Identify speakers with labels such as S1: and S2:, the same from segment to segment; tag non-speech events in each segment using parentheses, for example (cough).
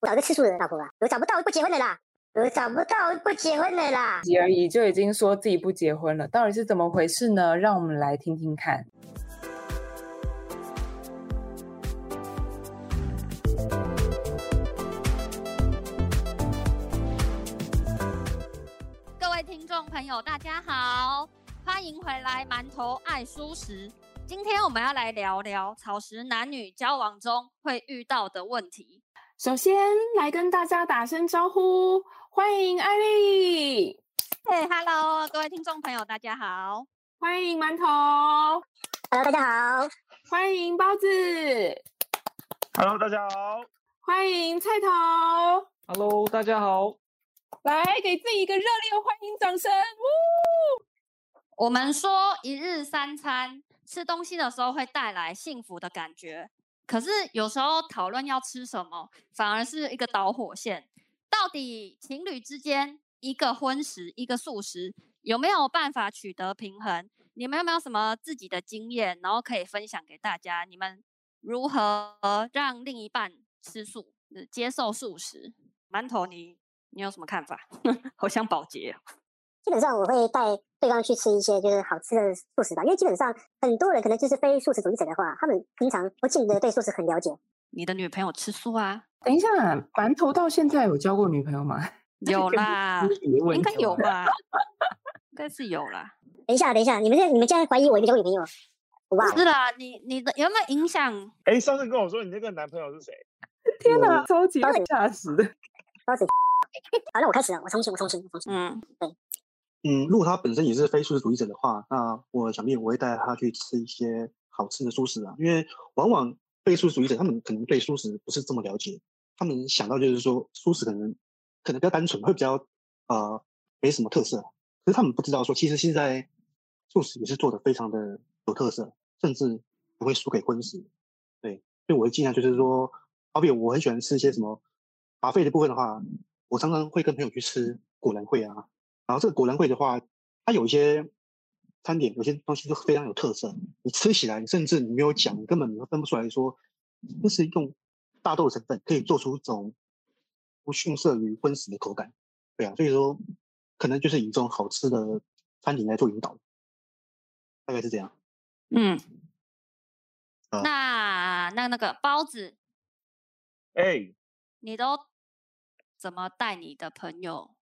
S1: 我找個吃素的老婆吧。啊，我找不到我不結婚的啦，我找不到不結婚
S2: 的啦。而已，就已經說自己不結婚了，到底是怎麼回事呢？讓我們來聽聽看。
S3: 各位聽眾朋友，大家好，歡迎回來《饅頭愛蔬食》。今天我們要來聊聊草食男女交往中會遇到的問題。
S2: 首先來跟大家打聲招呼，歡迎艾莉，
S3: 嘿、hey，hello，各位聽眾朋友，大家好，歡迎饅頭，hello，大家好，
S2: 歡迎包
S3: 子
S4: ，hello，大家好，
S2: 歡迎菜頭
S5: ，hello，大家好，
S2: 來給自己一個熱烈的歡迎掌聲，
S3: 嗚！我們說一日三餐吃東西的時候會帶來幸福的感覺。可是有時候討論要吃什麼，反而是一個導火線。到底情侶之間一個葷食一個素食，有沒有辦法取得平衡？你們有沒有什麼自己的經驗，然後可以分享給大家？你們如何讓另一半吃素，接受素食？饅頭，你你有什麼看法？ (laughs) 好像保潔。基本上
S1: 我會帶對方去吃一些就是好吃的素食吧，因為基本上很多人可能就是非素食主義
S2: 者的話，他們平常不見得對素食很了解。
S3: 你的女朋友吃素啊？
S2: 等一下，饅頭到現在有交過女朋友嗎？有啦，應該有吧，
S3: 應該是有啦。 (laughs) 等
S2: 一下，等一下，你們在你們現在懷疑我有沒有女朋友？不，好不是啦，
S3: 你你的有沒有影響？哎、欸，上次跟我說你那個男朋友是誰？天哪、啊我，超級包子駕
S1: 駛的包。好，那我開始了，我重新，我重新，我重新。嗯，對。
S4: 嗯，
S1: 如果他本身也是非素食主義者的話，那我想必我會帶他去吃一些好吃的素食啊。因為往往非素食主義者他們可能對素食不是這麼了解，他們想到就是說素食可能可能比較單純，會比較呃沒什麼特色。可是他們不知道說，其實現在素食也是做得非常的有特色，甚至不會輸給葷食。對，所以我會儘量就是說，好比我很喜歡吃一些什麼麻肺的部分的話，我常常會跟朋友去吃果然會啊。然後這個果然匯的話，它有一些餐點，有些東西就非常有特色。你吃起來，甚至你沒有講，你根本分不出來說，這是用大豆的成分可以做出一種不遜色於葷食的口感，對啊。所以說，可能就是以這種好吃的
S4: 餐點來做引導，大概是這樣。
S3: 嗯，啊、那那那個包子，
S4: 哎、欸，
S3: 你都怎麼帶你的朋友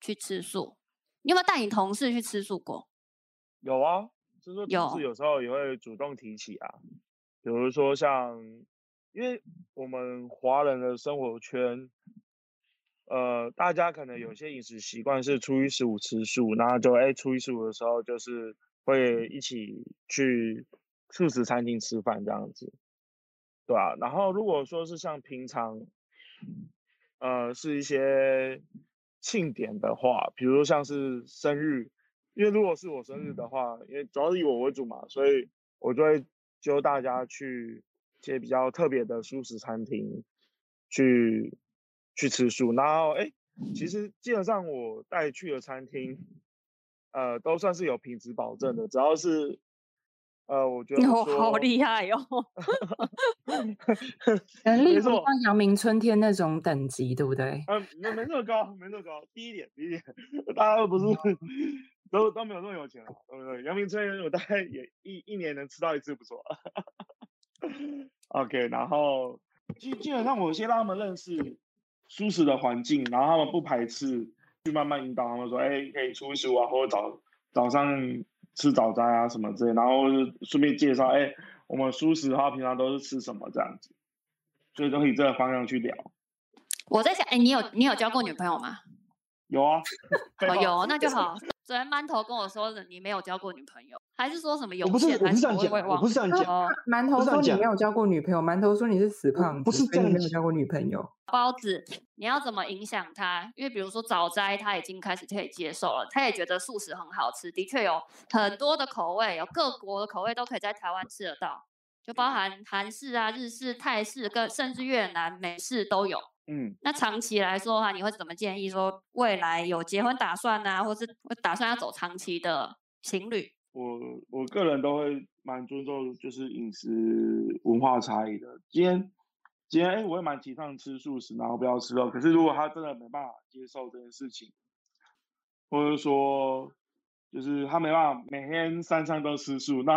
S3: 去吃素？你有沒有帶你同事去吃素過？
S4: 有啊，就是說同事有時候也會主動提起啊。有比如說像，因為我們華人的生活圈，呃，大家可能有些飲食習慣是初一十五吃素，然後就哎、欸，初一十五的時候就是會一起去素食餐廳吃飯這樣子，對啊，然後如果說是像平常，呃，是一些。慶典的話，比如像是生日，因為如果是我生日的話，因為主要是以我為主嘛，所以我就會揪大家去一些比較特別的素食餐廳去去吃素。然後，誒，其實基本上我帶去的餐廳，呃，都算是有品質保證的，只要是。呃，我覺得你、哦、好厲害喲、哦，能力這麼
S2: 像陽明春天那種等級，對不對？
S4: 嗯、呃，沒沒那麼高，沒那麼高。低一點，低一點，大家不是都都沒有那麼有錢啊，對不對？陽明春天我大概也一一年能吃到一次，不錯。 (laughs) OK，然後基基本上我先讓他們認識舒適的環境，然後他們不排斥，去慢慢引導他們說，哎，可以出一出啊，或者早早上。吃早餐啊什麼之類，然後順便介紹，哎、欸，我們素食的話，平常都是吃什麼這樣子，所以都可以這個方向去聊。
S3: 我在想，哎、欸，你有你有交過女朋友嗎？有啊， (laughs) 哦、有那就好。昨天饅頭跟我說，你沒有交過女朋友，還是說什麼有？我不是，不是不是
S2: 這饅頭說你沒有交過女朋友，饅頭說你是死胖子，不是你沒有交過女朋友。
S3: 包子，你要怎麼影響他？因為比如說早齋，他已經開始可以接受了，他也覺得素食很好吃。的確有很多的口味，有各國的口味都可以在台灣吃得到，就包含韓式啊、日式、泰式跟甚至越南、美式都有。嗯，那長期來說的話，你會怎麼建議說未來有結婚打算啊，或是打算要走長期的
S4: 情侶？我我個人都會蠻尊重就是飲食文化差異的。今天今天、欸、我也蠻提倡吃素食，然後不要吃肉。可是如果他真的沒辦法接受這件事情，或者說，就是他沒辦法每天三餐都吃素，那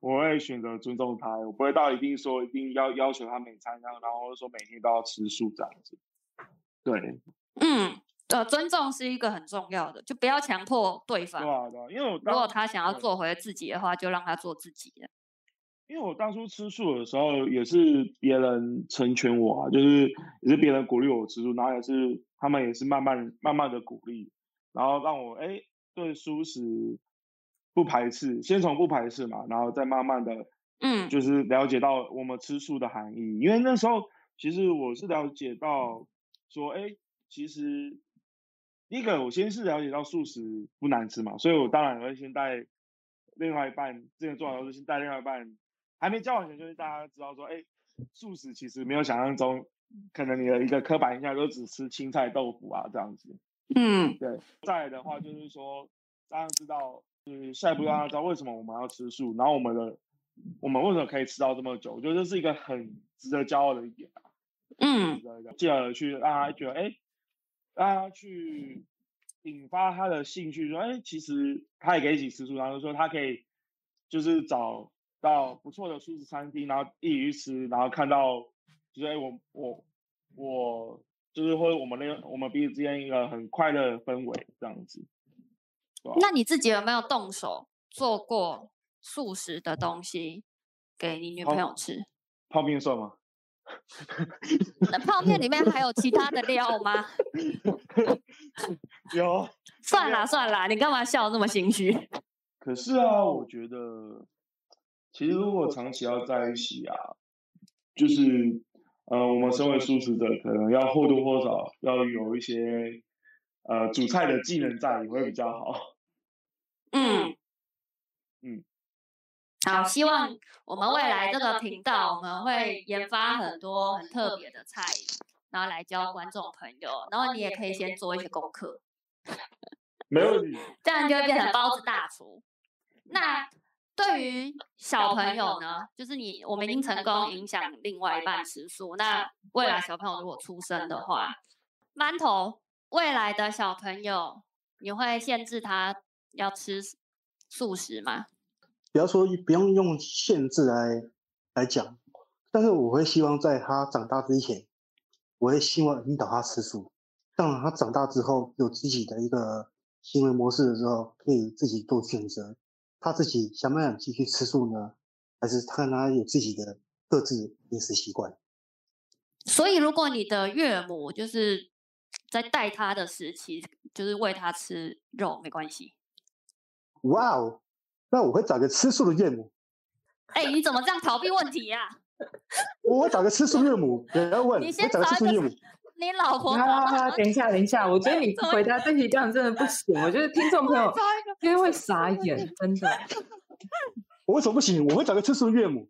S4: 我會選擇尊重他，我不會到一定說一定要要求他每餐然後，然後說每天都要吃素這樣子。對，
S3: 嗯，呃，尊重是一個很重要的，就不要強迫對方。對啊，對啊，因為我當，如果他想要做回自己的話，對就讓他做自己。因為我
S4: 當初吃素的時候，也是別人成全我啊，就是也是別人鼓勵我吃素，然後也是他們也是慢慢慢慢的鼓勵，然後讓我哎。欸對素食不排斥，先從不排斥嘛，然後再慢慢的，嗯，就是了解到我們吃素的含義。嗯、因為那時候其實我是了解到說，哎，其實一個我先是了解到素食不難吃嘛，所以我當然會先帶另外一半，之前做完都是先帶另外一半，還沒交完錢，就是大家知道說，哎，素食其實沒有想象中，可能你的一個刻板印象都只吃青菜豆腐啊，這樣子。嗯，對。再的話就是說，讓大家知道，就是下一步讓大家知道為什麼我們要吃素，然後我們的，我們為什麼可以吃到這麼久，我覺得這是一個很值得驕傲的一點，啊。嗯，值得一個進而去讓他覺得，哎，讓他去引發他的興趣，說，哎，其實他也可以一起吃素，然後說他可以就是找到不錯的素食餐廳，然後一起吃，然後看到就是我我、哎、我。我我就是會我們那我們彼此之間一個很快樂的氛圍這樣子。那
S3: 你自己有沒有動手做過素食的東西給你女朋友吃？
S4: 泡,泡面算嗎？
S3: 那 (laughs) 泡麵裡面還有其他的料嗎？
S4: (laughs) 有。
S3: (laughs) 算了算了，面你幹嘛笑得那麼心虛？
S4: 可是啊，我覺得其實如果長期要在一起啊，就是。嗯呃，我們身為素食者，可能要或多或少要有一些，呃，煮菜的技能在也會比較好。
S3: 嗯，嗯，好，希望我們未來這個頻道我們會研發很多很特別的菜，然後來教觀眾朋友，然後你也可以先做一些功課，
S4: (laughs) 沒問題， (laughs) 這
S3: 樣就會變成包子大廚。那。對於小朋友呢，友就是你，我們已經成功影響另外一半吃素。那未來小朋友如果出生的話，饅頭，會會未來的小朋友，你會限制他要吃素食嗎？
S1: 不要說不用用限制來來講，但是我會希望在他長大之前，我會希望引導他吃素。當他長大之後有自己的一個行為模式的時候，可以自己做選擇。他自己想不想繼續吃素呢？還是他拿有自己的各自飲食習慣？
S3: 所以，如果你的岳母就是在帶他的時期，就是餵他吃肉，沒關係。
S1: 哇哦，那我會找個吃素的岳母。
S3: 哎、欸，你怎麼這樣逃避問題呀、啊？
S2: (laughs) 我會找個吃素岳母，我找個吃素岳母你老婆？好好好，等一下，等一下，我覺得你回答這題這樣真的不行，我覺得聽眾朋友一定會傻眼，真的。
S1: 我為什麼不行？我會找個吃素的岳母。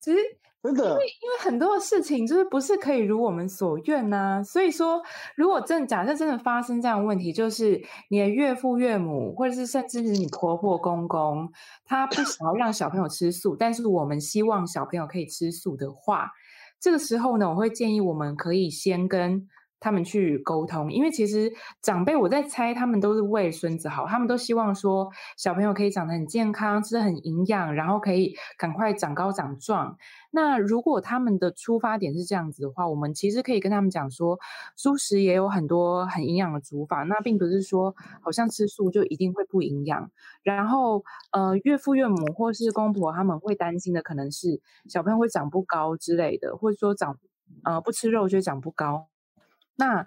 S2: 其實是，真的因，因為很多的事情，就是不是可以如我們所願吶、啊。所以說，如果真的假設真的發生這樣的問題，就是你的岳父岳母，或者是甚至是你婆婆公公，他不想要讓小朋友吃素，但是我們希望小朋友可以吃素的話。這個時候呢，我會建議我們可以先跟他們去溝通，因為其實長輩我在猜，他們都是為孫子好，他們都希望說小朋友可以長得很健康，吃得很營養，然後可以趕快長高長壯。那如果他們的出發點是這樣子的話，我們其實可以跟他們講說，素食也有很多很營養的煮法，那並不是說好像吃素就一定會不營養。然後，呃，岳父岳母或是公婆他們會擔心的可能是小朋友會長不高之類的，或者說長，呃，不吃肉就長不高。那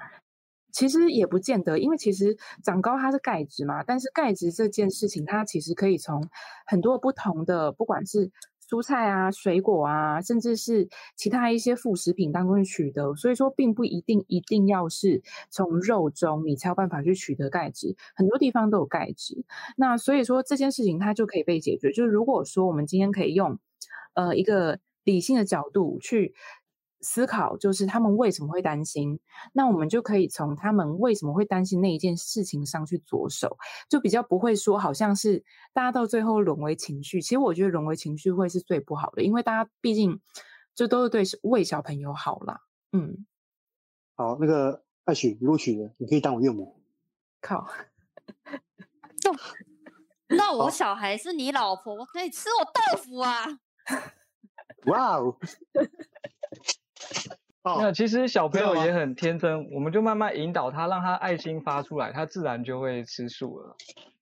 S2: 其實也不見得，因為其實長高它是鈣質嘛，但是鈣質這件事情，它其實可以從很多不同的，不管是蔬菜啊、水果啊，甚至是其他一些副食品當中去取得，所以說並不一定一定要是從肉中你才有辦法去取得鈣質，很多地方都有鈣質。那所以說這件事情它就可以被解決，就是如果說我們今天可以用呃一個理性的角度去。思考，就是他們為什麼會擔心，那我們就可以從他們為什麼會擔心那一件事情上去着手，就比較不會說好像是大家到最後淪為情緒。其實我覺得淪為情緒會是最不好的，因為大家畢竟這都是對為小朋友好啦。嗯，
S1: 好，那個愛雪你錄取了，你可以當我岳母。
S2: 靠 (laughs) 、
S3: 哦，那我小孩是你老婆，哦、我可以吃我豆腐啊！
S5: 哇哦。 (laughs) 那其實小朋友也很天真，我們就慢慢引導他，讓他愛心發出來，他自然就會吃素了。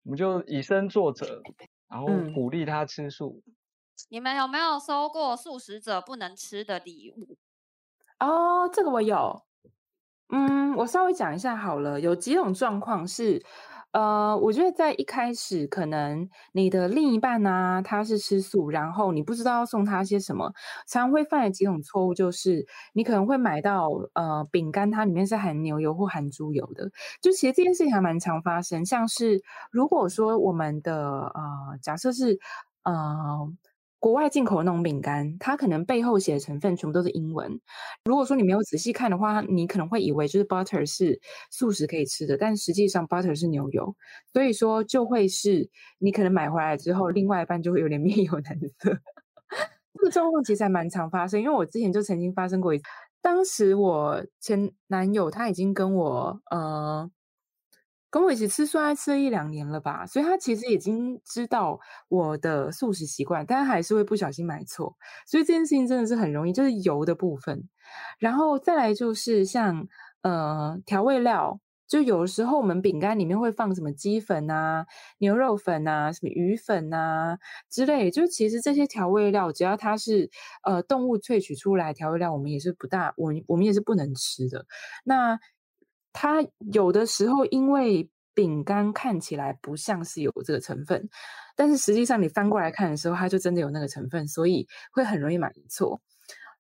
S5: 我們就以身作則，然後鼓勵他吃素。嗯、
S3: 你們有沒有收過素食者不能吃的禮物？
S2: 哦，oh, 這個我有。嗯，我稍微講一下好了，有幾種狀況是。呃，我覺得在一開始，可能你的另一半呢、啊，他是吃素，然後你不知道要送他些什麼，常常會犯的幾種錯誤就是，你可能會買到呃餅乾，它裡面是含牛油或含豬油的，就其實這件事情還蠻常發生。像是如果說我們的呃假設是呃。國外進口的那種餅乾，它可能背後寫的成分全部都是英文。如果說你沒有仔細看的話，你可能會以為就是 butter 是素食可以吃的，但實際上 butter 是牛油，所以說就會是你可能買回來之後，另外一半就會有點面有難色。 (laughs) 這個狀況其實還蠻常發生，因為我之前就曾經發生過一次。當時我前男友他已經跟我，呃。跟我一起吃素還吃了一兩年了吧，所以他其實已經知道我的素食習慣，但還是會不小心買錯。所以這件事情真的是很容易，就是油的部分。然後再來就是像呃調味料，就有時候我們餅乾裡面會放什麼雞粉啊、牛肉粉啊、什麼魚粉啊之類，就其實這些調味料，只要它是呃動物萃取出來調味料，我們也是不大，我我們也是不能吃的。那。它有的時候因為餅乾看起來不像是有這個成分，但是實際上你翻過來看的時候，它就真的有那個成分，所以會很容易買錯。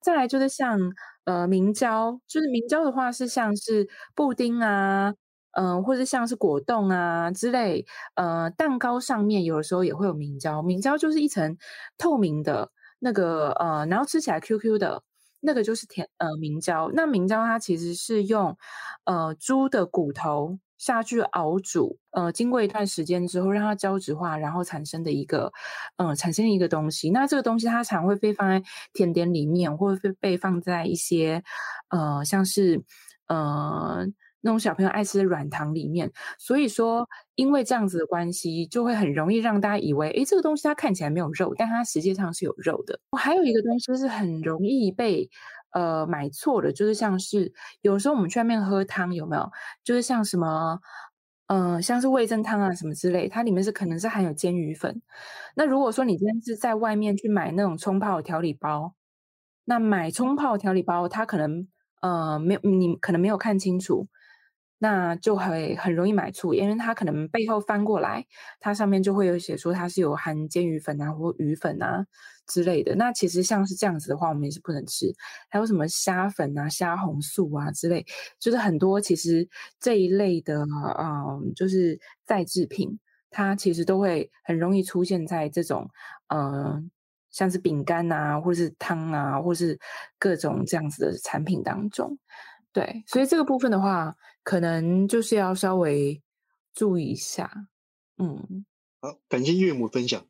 S2: 再來就是像呃明膠，就是明膠的話是像是布丁啊，嗯、呃，或者像是果凍啊之類，呃，蛋糕上面有的時候也會有明膠。明膠就是一層透明的那個呃，然後吃起來 Q Q 的。那個就是甜呃，明膠，那明膠它其實是用，呃豬的骨頭下去熬煮，呃經過一段時間之後讓它膠質化，然後產生的一個，嗯、呃、產生一個東西。那這個東西它常會被放在甜點裡面，或者會被放在一些，呃像是嗯。呃那種小朋友愛吃的軟糖裡面，所以說因為這樣子的關係，就會很容易讓大家以為，誒這個東西它看起來沒有肉，但它實際上是有肉的。我還有一個東西是很容易被呃買錯的，就是像是有時候我們去外面喝湯有沒有？就是像什麼嗯、呃，像是味噌湯啊什麼之類，它裡面是可能是含有鰹魚粉。那如果說你今天是在外面去買那種沖泡調理包，那買沖泡調理包，它可能呃沒有你可能沒有看清楚。那就會很容易買錯，因為它可能背後翻過來，它上面就會有寫說它是有含鰹魚粉啊或魚粉啊之類的。那其實像是這樣子的話，我們也是不能吃。還有什麼蝦粉啊、蝦紅素啊之類，就是很多其實這一類的，嗯、呃，就是再製品，它其實都會很容易出現在這種，嗯、呃，像是餅乾啊，或是湯啊，或是各種這樣子的產品當中。對，所以這個部分的話。可能就是要稍微注意一下，嗯，
S1: 好，感謝岳母分享。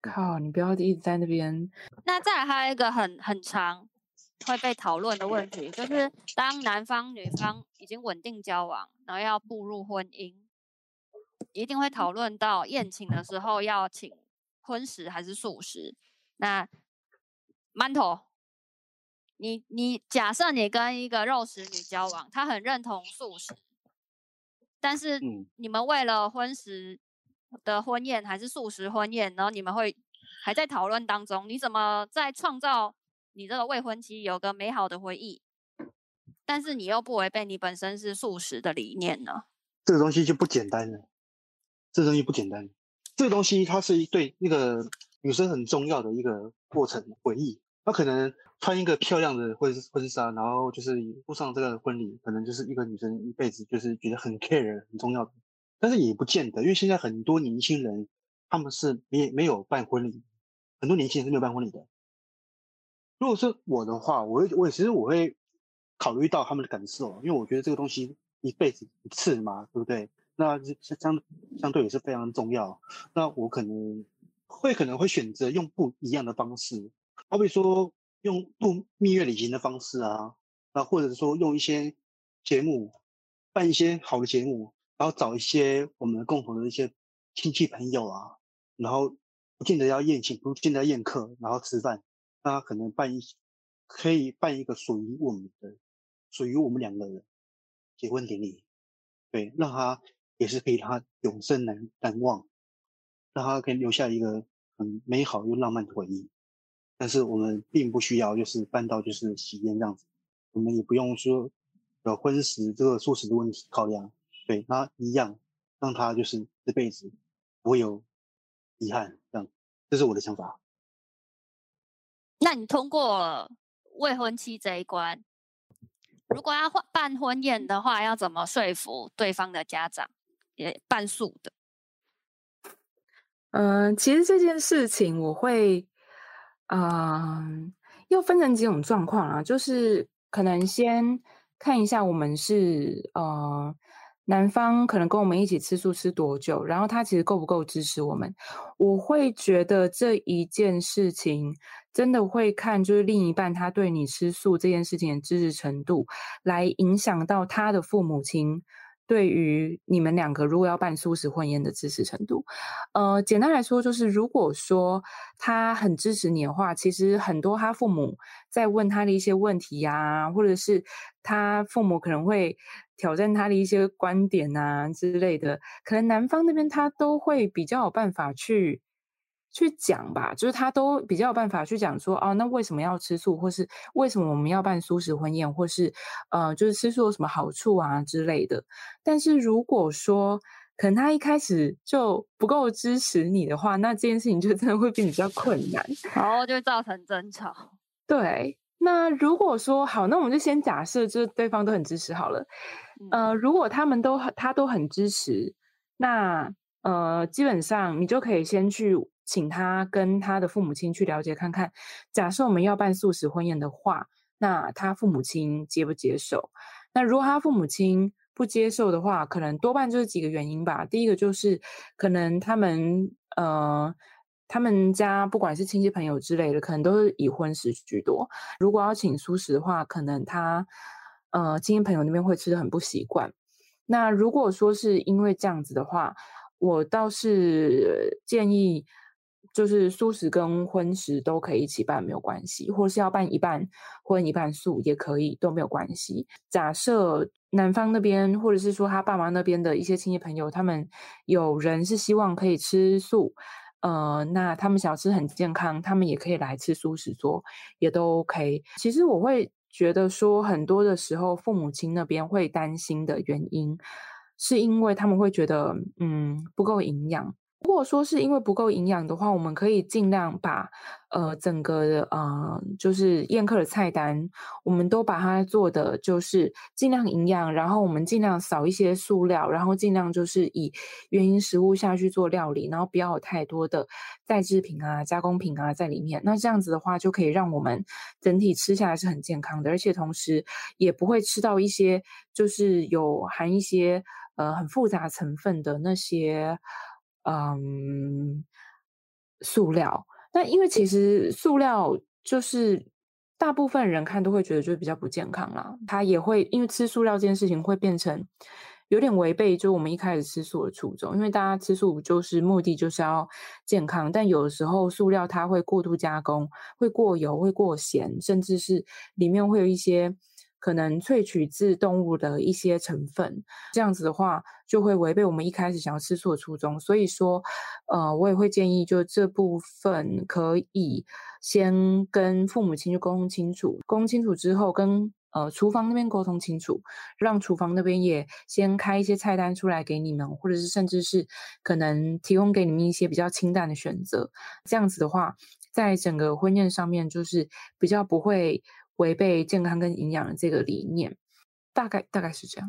S2: 靠，你不要一直在那邊。
S3: 那再還有一個很很常會被討論的問題，就是當男方女方已經穩定交往，然後要步入婚姻，一定會討論到宴請的時候要請葷食還是素食？那饅頭。你你假設你跟一個肉食女交往，她很認同素食，但是你們為了葷食的婚宴還是素食婚宴呢，然後你們會還在討論當中，你怎麼在創造你這個未婚妻有個美好的回憶，但是你又不違背你本身是素食的理念呢？
S1: 這個東西就不簡單了，這個東西不簡單，這個東西它是一對一個女生很重要的一個過程回憶。他可能穿一個漂亮的或者是婚紗，然後就是赴上這個婚禮，可能就是一個女生一輩子就是覺得很 care 很重要的。但是也不見得，因為現在很多年輕人他們是沒沒有辦婚禮，很多年輕人是沒有辦婚禮的。如果說我的話，我我其實我會考慮到他們的感受，因為我覺得這個東西一輩子一次嘛，對不對？那相相相對也是非常重要。那我可能會可能會選擇用不一樣的方式。好比說，用度蜜月旅行的方式啊，那或者說用一些節目辦一些好的節目，然後找一些我們共同的一些親戚朋友啊，然後不見得要宴請，不見得宴客，然後吃飯，那可能辦一可以辦一個屬於我們的、屬於我們兩個人結婚典禮，對，讓他也是可以讓他永生難難忘，讓他可以留下一個很美好又浪漫的回憶。但是我們並不需要，就是辦到就是喜宴這樣子，我們也不用說有、呃、婚宴這個素食的問題考量，對，他一樣讓他就是這輩子不會有遺憾這樣，這是我的想法。
S3: 那你通過未婚妻這一關，如果要辦辦婚宴的話，要怎麼說服對方的家長也辦素的？嗯、
S2: 呃，其實這件事情我會。啊、嗯，又分成幾種狀況啊，就是可能先看一下我們是呃男方，可能跟我們一起吃素吃多久，然後他其實夠不夠支持我們？我會覺得這一件事情真的會看，就是另一半他對你吃素這件事情的支持程度，來影響到他的父母親。對於你們兩個，如果要辦素食婚宴的支持程度，呃，簡單來說就是，如果說他很支持你的話，其實很多他父母在問他的一些問題呀、啊，或者是他父母可能會挑戰他的一些觀點啊之類的，可能男方那邊他都會比較有辦法去。去講吧，就是他都比較有辦法去講說，哦，那為什麼要吃素，或是為什麼我們要辦素食婚宴，或是呃，就是吃素有什麼好處啊之類的。但是如果說可能他一開始就不夠支持你的話，那這件事情就真的會變得比較困難，然後就會造成爭吵。對，那如果說好，那我們就先假設就是對方都很支持好了。呃，如果他們都他都很支持，那呃，基本上你就可以先去。請他跟他的父母親去了解看看，假設我們要辦素食婚宴的話，那他父母親接不接受？那如果他父母親不接受的話，可能多半就是幾個原因吧。第一個就是，可能他們呃，他們家不管是親戚朋友之類的，可能都是以葷食居多。如果要請素食的話，可能他呃親戚朋友那邊會吃得很不習慣。那如果說是因為這樣子的話，我倒是建議。就是素食跟葷食都可以一起辦，沒有關係，或是要辦一半葷一半素也可以，都沒有關係。假設男方那邊，或者是說他爸媽那邊的一些親戚朋友，他們有人是希望可以吃素，呃，那他們想吃很健康，他們也可以來吃素食桌，也都 OK。其實我會覺得說，很多的時候父母親那邊會擔心的原因，是因為他們會覺得，嗯，不夠營養。如果說是因為不夠營養的話，我們可以儘量把呃整個的嗯、呃，就是宴客的菜單，我們都把它做的就是尽量營養，然後我們儘量少一些素料，然後儘量就是以原型食物下去做料理，然後不要有太多的再製品啊、加工品啊在裡面。那這樣子的話，就可以讓我們整體吃下來是很健康的，而且同時也不會吃到一些就是有含一些呃很複雜成分的那些。嗯，素料。那因為其實素料就是大部分人看都會覺得就是比較不健康啦。它也會因為吃素料這件事情會變成有點違背，就我們一開始吃素的初衷。因為大家吃素就是目的就是要健康，但有的時候素料它會過度加工，會過油、會過鹹，甚至是裡面會有一些。可能萃取自動物的一些成分，這樣子的話就會違背我們一開始想要吃素的初衷。所以說，呃，我也會建議，就這部分可以先跟父母親就溝通清楚，溝通清楚之後跟，跟呃廚房那邊溝通清楚，讓廚房那邊也先開一些菜單出來給你們，或者是甚至是可能提供給你們一些比較清淡的選擇。這樣子的話，在整個婚宴上面就是比較不會。違背健康跟營養的這個理念，大概大概是這樣。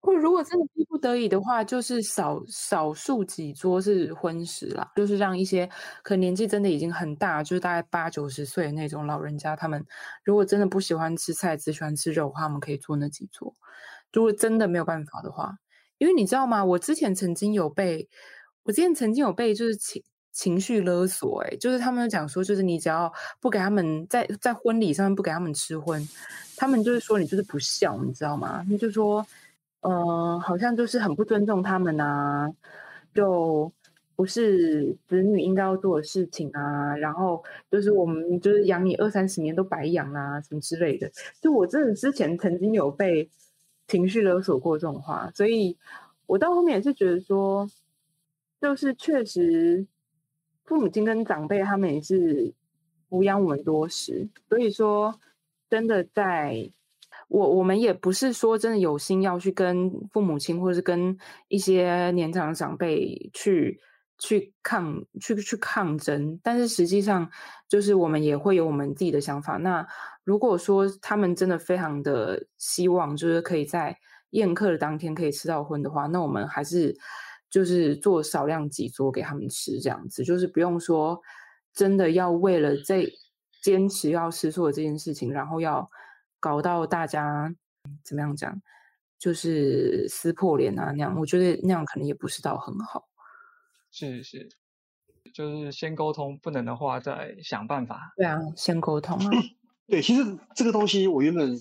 S2: 或如果真的逼不得已的話，就是少少數幾桌是葷食啦，就是讓一些可能年紀真的已經很大，就是大概八九十歲的那種老人家，他們如果真的不喜歡吃菜，只喜歡吃肉的話，我們可以做那幾桌。如果真的沒有辦法的話，因為你知道嗎？我之前曾經有被，我之前曾經有被，就是請。情緒勒索、欸，哎，就是他們講說，就是你只要不給他們在在婚禮上面不給他們吃葷，他們就是說你就是不孝，你知道嗎？他就說，嗯、呃，好像就是很不尊重他們啊，就不是子女應該要做的事情啊，然後就是我們就是養你二三十年都白養啦，啊，什麼之類的。就我真的之前曾經有被情緒勒索過這種話，所以我到後面也是覺得說，就是確實。父母親跟長輩他們也是撫養我們多時，所以說真的在我，我們也不是說真的有心要去跟父母親或是跟一些年長的長輩去去抗去去抗爭，但是實際上就是我們也會有我們自己的想法。那如果說他們真的非常的希望，就是可以在宴客的當天可以吃到葷的話，那我們還是。就是做少量幾桌給他們吃，這樣子就是不用說，真的要為了這堅持要吃素的這件事情，然後要搞到大家、嗯、怎麼樣講，就是撕破臉啊。那樣。我覺得那樣可能也不是到很好。是，
S5: 是是，就是先溝通，不能的話再想辦法。
S2: 對啊，先溝通啊。
S1: (laughs) 對，其實這個東西我原本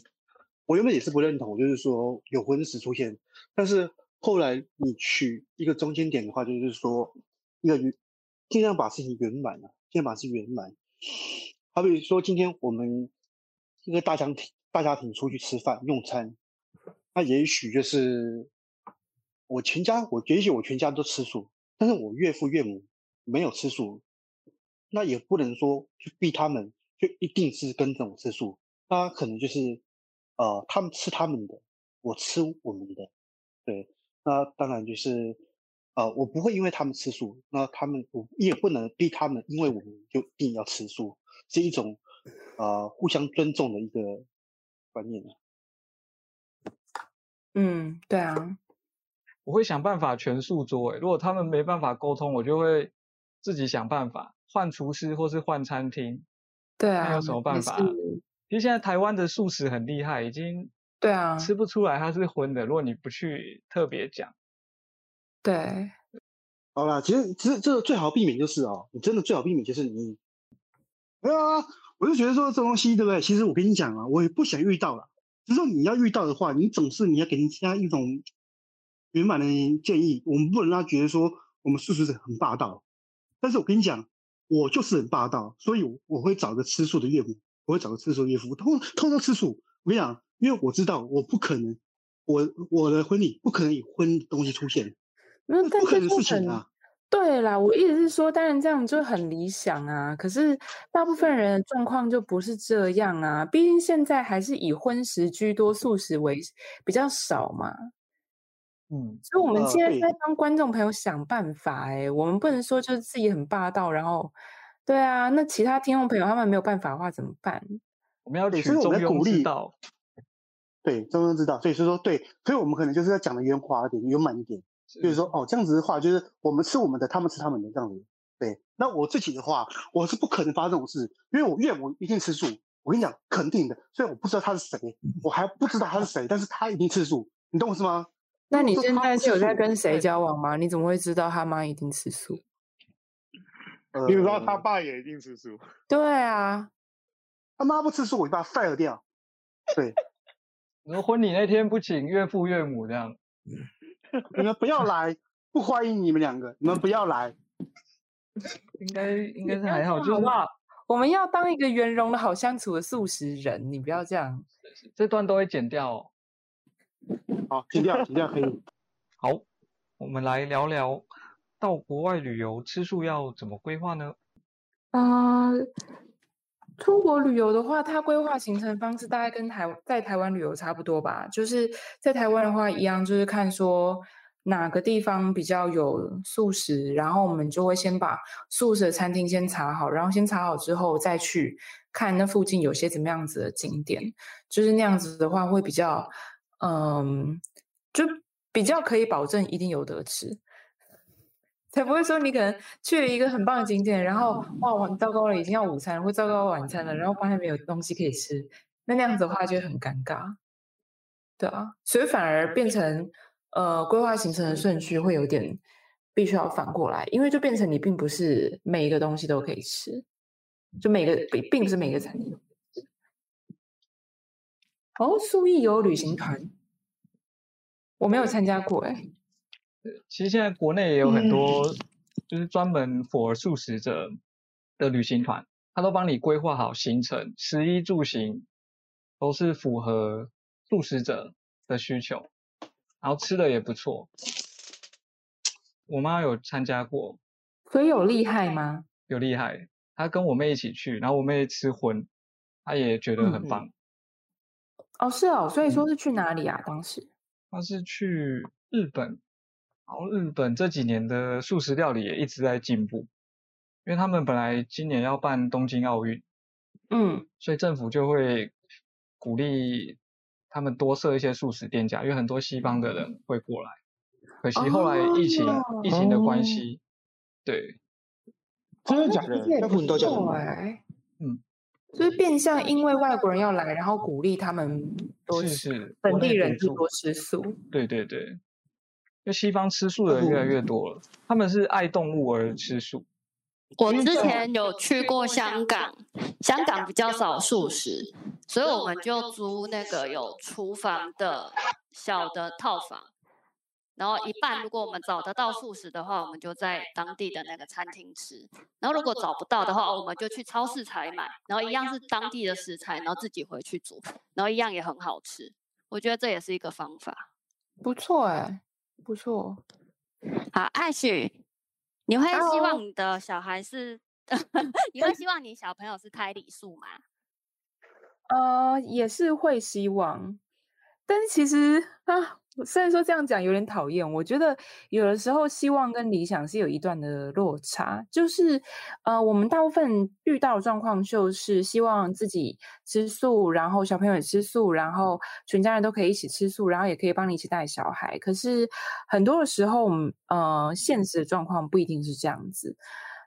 S1: 我原本也是不認同，就是說有葷食出現，但是。後來你取一個中間點的話，就是說一個盡量把事情圓滿了，啊，盡量把事情圓滿。好比如說，今天我們一個大家庭大家庭，出去吃飯用餐，那也許就是我全家，我也許我全家都吃素，但是我岳父岳母，沒有吃素，那也不能說去逼，他們，就一定是跟着我吃素。那可能就是，呃，他們吃他們的，我吃我們的，對。那當然就是，呃，我不會因為他們吃素，那他們我也不能逼他們，因為我們就一定要吃素，是一種，呃，互相尊重的一個觀念。嗯，
S2: 對啊，
S5: 我會想辦法全素桌誒。如果他們沒辦法溝通，我就會自己想辦法換廚師或是換餐廳。
S2: 對啊，有什麼辦法？是其
S5: 實現在台灣的素食很厲害，已經。對啊，吃不出來它是葷的，如果你不去特別講，對，
S1: 好啦，其實其實這個最好避免就是哦，你真的最好避免就是你沒有啊，我就覺得說這東西對不對？其實我跟你講啊，我也不想遇到啦，就是說你要遇到的話，你總是你要給人家一種圓滿的建議，我們不能讓他覺得說我們素食者很霸道。但是我跟你講，我就是很霸道，所以我會找個吃素的岳母，我會找個吃素的岳父，偷偷偷吃素。我跟你講。因為我知道我不可能，我我的婚禮不可能以葷的東西出現，那
S2: 但是不可能，不可能啊。對啦，我意思是說，當然這樣就很理想啊。可是大部分人的狀況就不是這樣啊。畢竟現在還是以葷食居多，素食為比較少嘛。嗯，嗯，所以我們現在是在幫觀眾朋友想辦法，欸。哎、呃，我們不能說就是自己很霸道，然後對啊，那其他聽眾朋友他們沒有辦法的話怎麼辦？
S1: 我們要取中庸之道。對，雙方知道，所以說，對，所以我們可能就是要講的圓滑一點，圓滿一點，所以是說，哦，這樣子的話，就是我們吃我們的，他們吃他們的這樣子。對，那我自己的話，我是不可能發生這種事，因為我願我一定吃素。我跟你講，肯定的。雖然我不知道他是誰，我還不知道他是誰， (laughs) 但是他一定吃素，
S2: 你懂我意思嗎？那你現在是有在跟誰交往嗎？對你怎麼會知道他媽一定吃素？比如說他
S4: 爸也一定吃素。
S2: 對啊，
S1: 他媽不吃素，我就把他 fire 掉。對。 (laughs) 你婚禮那天不請岳父岳母這樣？你們不要來， (laughs) 不歡迎你們兩個，你們不要來。
S2: 應該應該是還好就，就好不我們要當一個圓融的好
S5: 相處的素食人，你不要這樣。這段都會剪掉哦。好，剪掉，剪掉可以。 (laughs) 好，我們來聊聊到國外旅遊吃素要怎麼規劃呢？
S2: 啊、uh。出國旅遊的話，它規劃行程方式大概跟台在台灣旅遊差不多吧。就是在台灣的話，一樣就是看說哪個地方比較有素食，然後我們就會先把素食的餐廳先查好，然後先查好之後再去看那附近有些怎麼樣子的景點。就是那樣子的話，會比較嗯、呃，就比較可以保證一定有得吃。才不會說你可能去了一個很棒的景點，然後哇，糟糕了，已經要午餐，或糟糕晚餐了，然後發現沒有東西可以吃，那那樣子的話就很尷尬。對啊，所以反而變成呃，規劃行程的順序會有點必須要反過來，因為就變成你並不是每一個東西都可以吃，就每個並不是每個餐廳。哦，素易有旅行團，我沒有參加過哎。
S5: 其實現在國內也有很多，就是專門符合素食者的旅行團，他、嗯、都幫你規劃好行程，食衣住行都是符合素食者的需求，然後吃的也不錯。我媽有參加過，
S2: 所以有厲害嗎？
S5: 有厲害，她跟我妹一起去，然後我妹吃葷，她也覺得很棒、嗯。
S2: 哦，是哦，所以說是去哪裡啊？當時、嗯、她是去日本。
S5: 然後日本這幾年的素食料理也一直在進步，因為他們本來今年要辦東京奧運，嗯，所以政府就會鼓勵他們多設一些素食店家，因為很多西方的人會過來。可惜後來疫情，哦、疫情的關係，哦、對，
S2: 真的假的，真的假的，嗯，
S5: 就
S2: 是變相因為外國人要來，然後鼓勵他們
S5: 多吃，是是本地人就多吃素，對，對對對。就西方吃素的人越來越多了，他們是愛動物而
S3: 吃素。我之前有去過香港，香港比較少素食，所以我們就租那個有廚房的小的套房。然後一般，如果我們找得到素食的話，我們就在當地的那個餐廳吃；然後如果找不到的話，我們就去超市採買，然後一樣是當地的食材，然後自己回去煮，然後一樣也很好吃。我覺得這也是一個方法，
S2: 不錯哎、欸。不錯，好，艾許，你會希望你
S3: 的小孩是？Oh. (laughs) 你會希望你小朋友是胎裡素嗎？
S2: 呃，uh, 也是會希望，但其實啊，雖然說這樣講有點討厭，我覺得有的時候希望跟理想是有一段的落差。就是呃，我們大部分遇到的狀況，就是希望自己吃素，然後小朋友也吃素，然後全家人都可以一起吃素，然後也可以幫你一起帶小孩。可是很多的時候，嗯、呃，現實的狀況不一定是這樣子。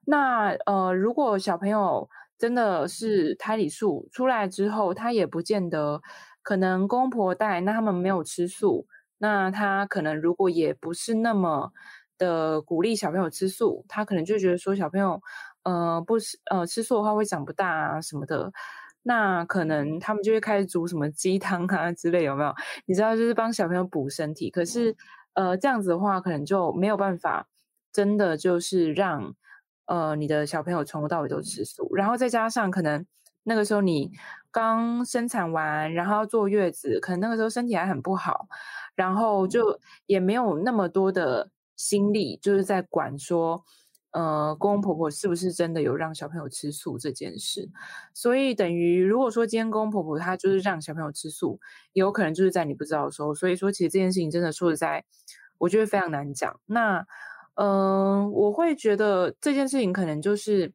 S2: 那呃，如果小朋友真的是胎裡素出來之後，他也不見得。可能公婆帶，那他們沒有吃素，那他可能如果也不是那麼的鼓勵小朋友吃素，他可能就覺得說小朋友呃不吃呃吃素的話會長不大啊什麼的，那可能他們就會開始煮什麼雞湯啊之類有沒有？你知道就是幫小朋友補身體，可是呃這樣子的話可能就沒有辦法真的就是讓呃你的小朋友從頭到尾都吃素，然後再加上可能。那個時候你剛生產完，然後坐月子，可能那個時候身體還很不好，然後就也沒有那麼多的心力，就是在管說，呃，公公婆婆是不是真的有讓小朋友吃素這件事。所以等於如果說今天公公婆婆他就是讓小朋友吃素，有可能就是在你不知道的時候。所以說，其實這件事情真的說實在，我覺得非常難講。那，嗯，呃，我會覺得這件事情可能就是。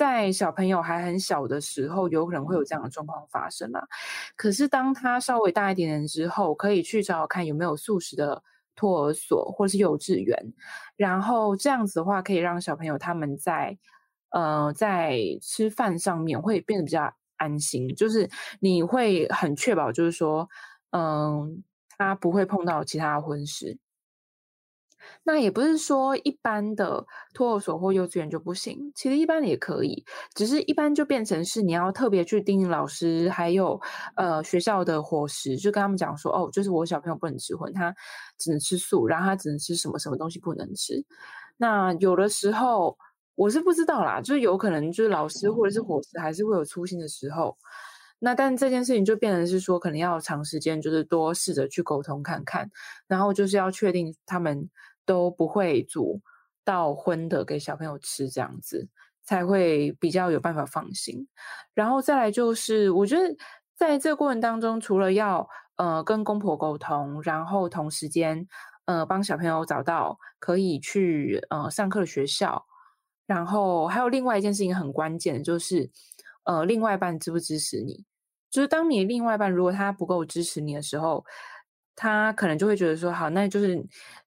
S2: 在小朋友還很小的時候，有可能會有這樣的狀況發生啊。可是當他稍微大一點點之後，可以去找找看有沒有素食的托兒所或是幼稚園，然後這樣子的話，可以讓小朋友他們在，呃，在吃飯上面會變得比較安心。就是你會很確保，就是說，嗯、呃，他不會碰到其他的葷食。那也不是說一般的托兒所或幼稚園就不行，其實一般也可以，只是一般就變成是你要特別去盯老師，還有呃學校的伙食，就跟他們講說哦，就是我小朋友不能吃葷，他只能吃素，然後他只能吃什麼什麼東西不能吃。那有的時候我是不知道啦，就是有可能就是老師或者是伙食還是會有粗心的時候。嗯嗯。那但這件事情就變成是說，可能要長時間就是多試着去溝通看看，然後就是要確定他們。都不會煮到葷的給小朋友吃，這樣子才會比較有辦法放心。然後再來就是，我覺得在這個過程當中，除了要呃跟公婆溝通，然後同時間呃幫小朋友找到可以去呃上課的學校，然後還有另外一件事情很關鍵，就是呃另外一半支不支持你。就是當你另外一半如果他不夠支持你的時候。他可能就會覺得說，好，那就是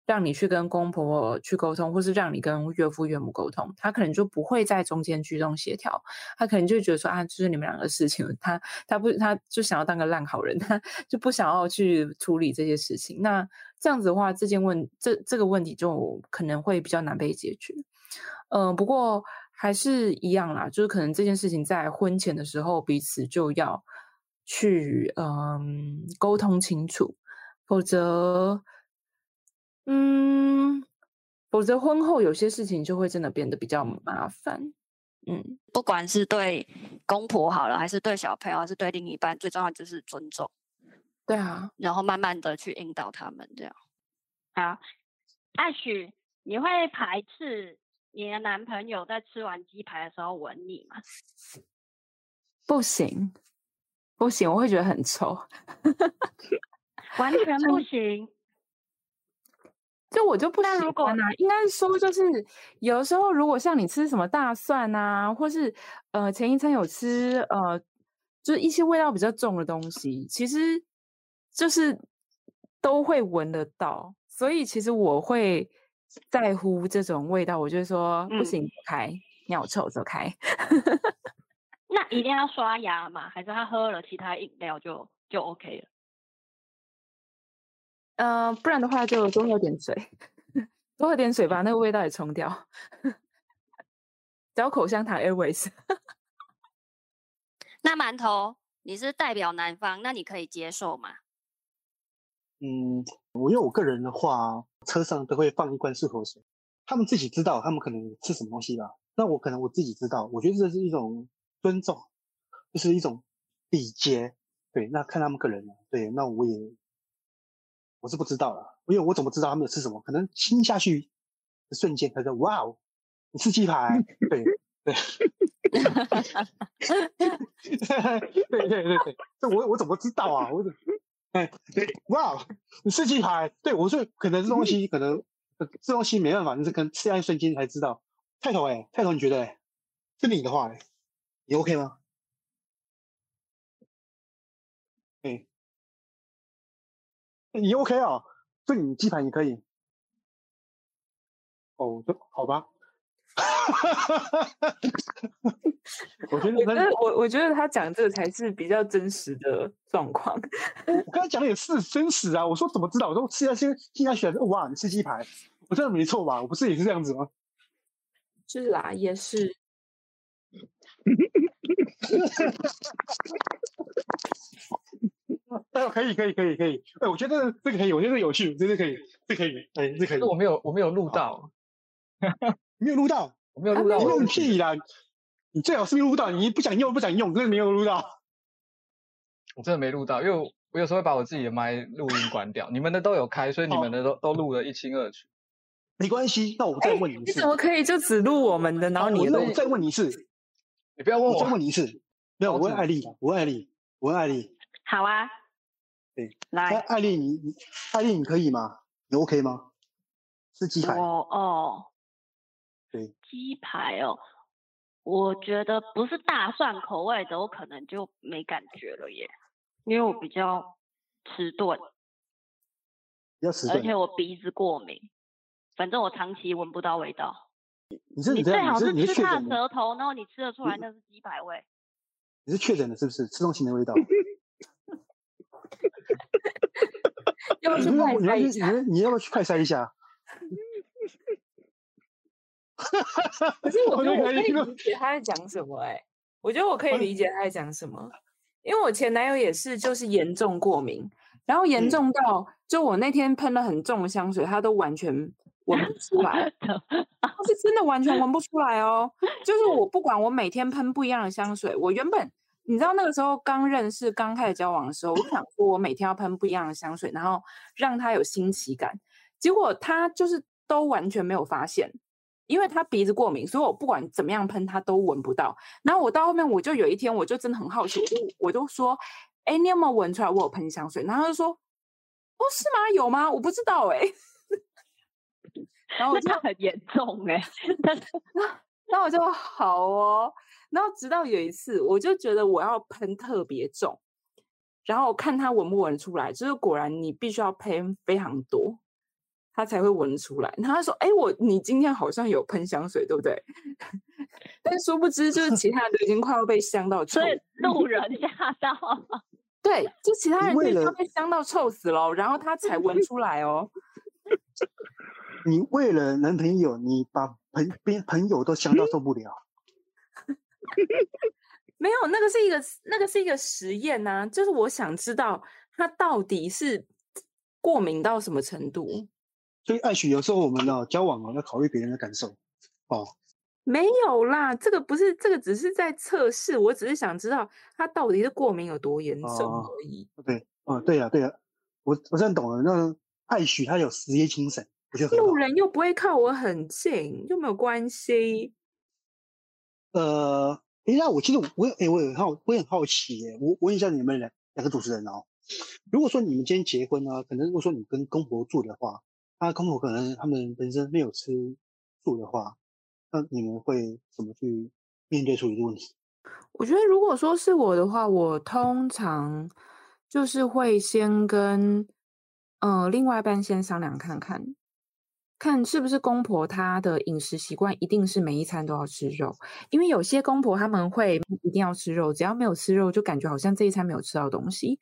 S2: 讓你去跟公婆婆去溝通，或是讓你跟岳父岳母溝通。他可能就不會在中間居中協調，他可能就會覺得說，啊，就是你們兩個事情，他他不，他就想要當個爛好人，他就不想要去處理這些事情。那這樣子的話，這件問這這個問題就可能會比較難被解決。嗯、呃，不過還是一樣啦，就是可能這件事情在婚前的時候，彼此就要去嗯、呃、溝通清楚。否則，嗯，否則婚後有些事情就會真的變得比較麻煩。嗯，
S3: 不管是對公婆好了，還是對小朋友，還是對另一半，最重要就是尊重。
S2: 對啊，
S3: 然後慢慢的去引導他們這樣。好，艾許，你會排斥你的男朋友在吃完雞排的時候吻你嗎？
S2: 不行，不行，我會覺得很臭。 (laughs) 完全不行，就，就我就不知道。那如果呢？應該說，就是有的時候，如果像你吃什麼大蒜啊，或是呃，前一餐有吃呃，就是一些味道比較重的東西，其實就是都會聞得到。所以，其實我會在乎這種味道。我就是說，不行，嗯、走開你好臭，走開。
S3: (laughs) 那一定要刷牙嗎？還是他喝了其他飲料就就 OK 了？
S2: 嗯、呃，不然的話就多喝點水，多喝點水把那個味道也沖掉，嚼口香糖。Airwaves。
S3: 那饅頭，你是代表南方，那你可以接受嗎？
S2: 嗯，我
S1: 因為我個人的話，車上都會放一罐漱口水，他們自己知道，他們可能吃什麼東西吧。那我可能我自己知道，我覺得這是一種尊重，就是一種禮節。對，那看他們個人，對，那我也。我是不知道了，因為我怎麼知道他們有吃什麼？可能親下去的瞬間，他說：“哇，哦，你吃雞排？”對對， (laughs) (laughs) 對，對對對對，這我我怎麼知道啊？我怎麼？嗯對哇，哦，你吃雞排？對，我說可能這東西可能這東西沒辦法，你是可能吃下去瞬間才知道。泰頭哎、欸，泰頭你覺得？是你的話哎、欸，你 OK 嗎？你 OK 啊、哦？吃你雞排也可以。哦，這好吧
S2: (laughs) 我覺得我覺得。我覺得他，我覺得他講這個才是比較真實的狀況。 (laughs) 我跟他講也是真實啊！我說怎麼知道？我都現
S1: 在先，現在選擇，哇！你吃雞排，我真的沒錯吧？我不是也是這樣子嗎？
S2: 是啦，也是。 (laughs) (laughs)
S1: 哎，可以，可以，可以，可以。哎、欸，我覺得這個可以，我覺得這個有趣，真、這、的、個、可以，這個、可以，哎，這個、可以。但、欸這個、我沒有，我沒有錄到，好 (laughs) 你沒有錄到，啊、我沒有錄到。你用屁
S5: 啦！你最好是
S1: 沒錄到，你不想用，不想用，真的沒有錄到。
S5: 我真的沒錄到，因為我，我有時候會把我自己的麥錄音關掉。 (laughs) 你們的都有開，所以你們的都好都錄得一清二楚。沒關係，那我再問你一
S2: 次，欸、你怎麼可以就只錄
S1: 我們的？然後你錄再問你一次、啊你，你不要問我，我再問你一次，沒有，我問艾麗，我問艾麗，我問艾麗。好啊。對，來，艾麗，你你，艾麗，你可以嗎？你 OK
S3: 嗎？是雞排哦哦，哦對，雞排哦，我覺得不是大蒜口味的，我可能就沒感覺了耶，因為我比較遲鈍，
S1: 比較遲鈍，而且我
S3: 鼻子過敏，反正我長期聞不到味道。
S1: 你，你最好是吃他的舌
S3: 頭，然後你吃得出來那是雞排味。
S1: 你，你是確診的，是不是？吃東西沒味道。
S3: (laughs) 你
S1: 要，你要不要去快篩一下？哈哈哈哈
S2: 哈！可是我，覺得我可以理解他在講什麼哎、欸，我覺得我可以理解他在講什麼，因為我前男友也是，就是嚴重過敏，然後嚴重到就我那天噴了很重的香水，他都完全聞不出來，他是真的完全聞不出來哦。就是我不管我每天噴不一樣的香水，我原本。你知道那個時候剛認識、剛開始交往的時候，我想說，我每天要噴不一樣的香水，然後讓他有新奇感。結果他就是都完全沒有發現，因為他鼻子過敏，所以我不管怎麼樣噴，他都聞不到。然後我到後面，我就有一天，我就真的很好奇，我就我就說：“哎、欸，你有沒有聞出來我有噴香水？”然後他說：“哦，是嗎？有嗎？我不知道哎、欸。 (laughs) ”然後我就他很嚴重哎、欸，那 (laughs) (laughs) 我就好哦。然後直到有一次，我就覺得我要噴特別重，然後我看他聞不聞出來，就是果然你必須要噴非常多，他才會聞出來。他說：“哎，我你今天好像有噴香水，對不對？”但殊不知，就是其他人已經快要被香到 (laughs) 所以路人嚇到。對，就其他人為了他被香到臭死了，然後他才聞出來哦。
S1: 你為了男朋友，你把朋別朋友都香到受不了。 (laughs)
S2: (laughs) 沒有，那個是一個，那個是一個實驗吶、啊，就是我想知道他到底是過敏到什麼程度。所以艾許
S1: 有時候我們的、啊、交往哦、啊、要考慮別人的感受哦。
S2: 沒有啦，這個不是，這個只是在測試，我只是想知道他到底是過敏有多嚴重而已。哦、對，
S1: 哦、對啊，對啊，對，我我算懂了，那艾許他有實驗精神，
S2: 我路人又不會靠我很近，又沒有關係，呃。
S1: 哎，那我其實我哎，我也很好，我也很好奇耶。我，我問一下你們兩兩個主持人哦，如果說你們今天結婚呢，可能如果說你跟公婆住的話，那、啊、公婆可能他們本身沒有吃素的話，那你們會怎麼去面對處理這個問題？
S2: 我覺得如果說是我的話，我通常就是會先跟呃另外一半先商量看看。看是不是公婆她的飲食習慣一定是每一餐都要吃肉，因為有些公婆他們會一定要吃肉，只要沒有吃肉就感覺好像這一餐沒有吃到東西。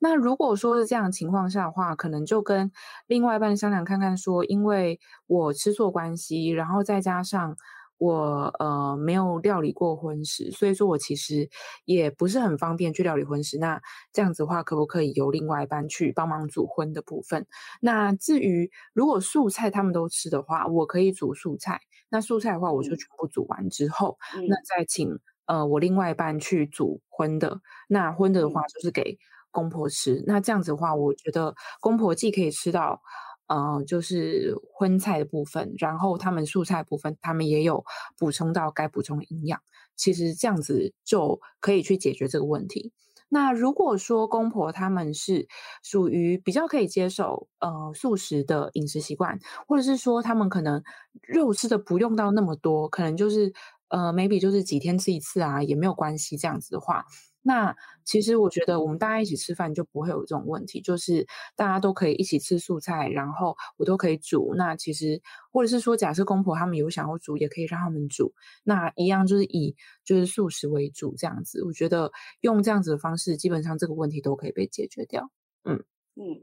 S2: 那如果說是這樣情況下的話，可能就跟另外一半商量看看說，說因為我吃錯關係，然後再加上，我呃沒有料理過葷食，所以說我其實也不是很方便去料理葷食。那這樣子的話，可不可以由另外一半去幫忙煮葷的部分？那至於如果素菜他們都吃的話，我可以煮素菜。那素菜的話，我就全部煮完之後，嗯、那再請呃我另外一半去煮葷的。那葷的的話，就是給公婆吃。那這樣子的話，我覺得公婆既可以吃到。嗯、呃，就是葷菜的部分，然後他們素菜部分，他們也有補充到該補充的營養。其實這樣子就可以去解決這個問題。那如果說公婆他們是屬於比較可以接受呃素食的飲食習慣，或者是說他們可能肉吃的不用到那麼多，可能就是呃 maybe 就是幾天吃一次啊，也沒有關係，這樣子的話。那其實我覺得，我們大家一起吃飯就不會有這種問題，就是大家都可以一起吃素菜，然後我都可以煮。那其實或者是說，假設公婆他們有想要煮，也可以讓他們煮。那一樣就是以就是素食為主這樣子。我覺得用這樣子的方式，基本上這個問題都可以被解決掉。嗯
S3: 嗯，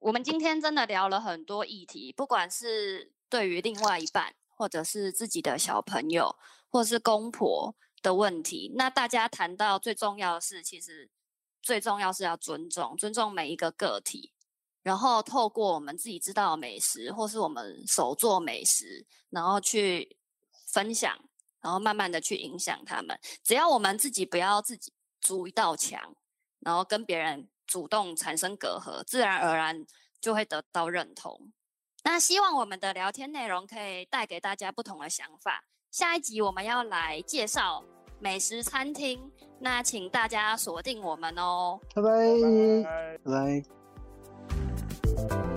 S3: 我們今天真的聊了很多議題，不管是對於另外一半，或者是自己的小朋友，或是公婆的問題，那大家談到最重要的是，其實最重要是要尊重，尊重每一個個體，然後透過我們自己知道的美食，或是我們手做美食，然後去分享，然後慢慢的去影響他們。只要我們自己不要自己築一道牆，然後跟別人主動產生隔閡，自然而然就會得到認同。那希望我們的聊天內容可以帶給大家不同的想法。下一集我們要來介紹美食餐廳，那請大家鎖定我們哦。
S1: 拜拜，拜拜。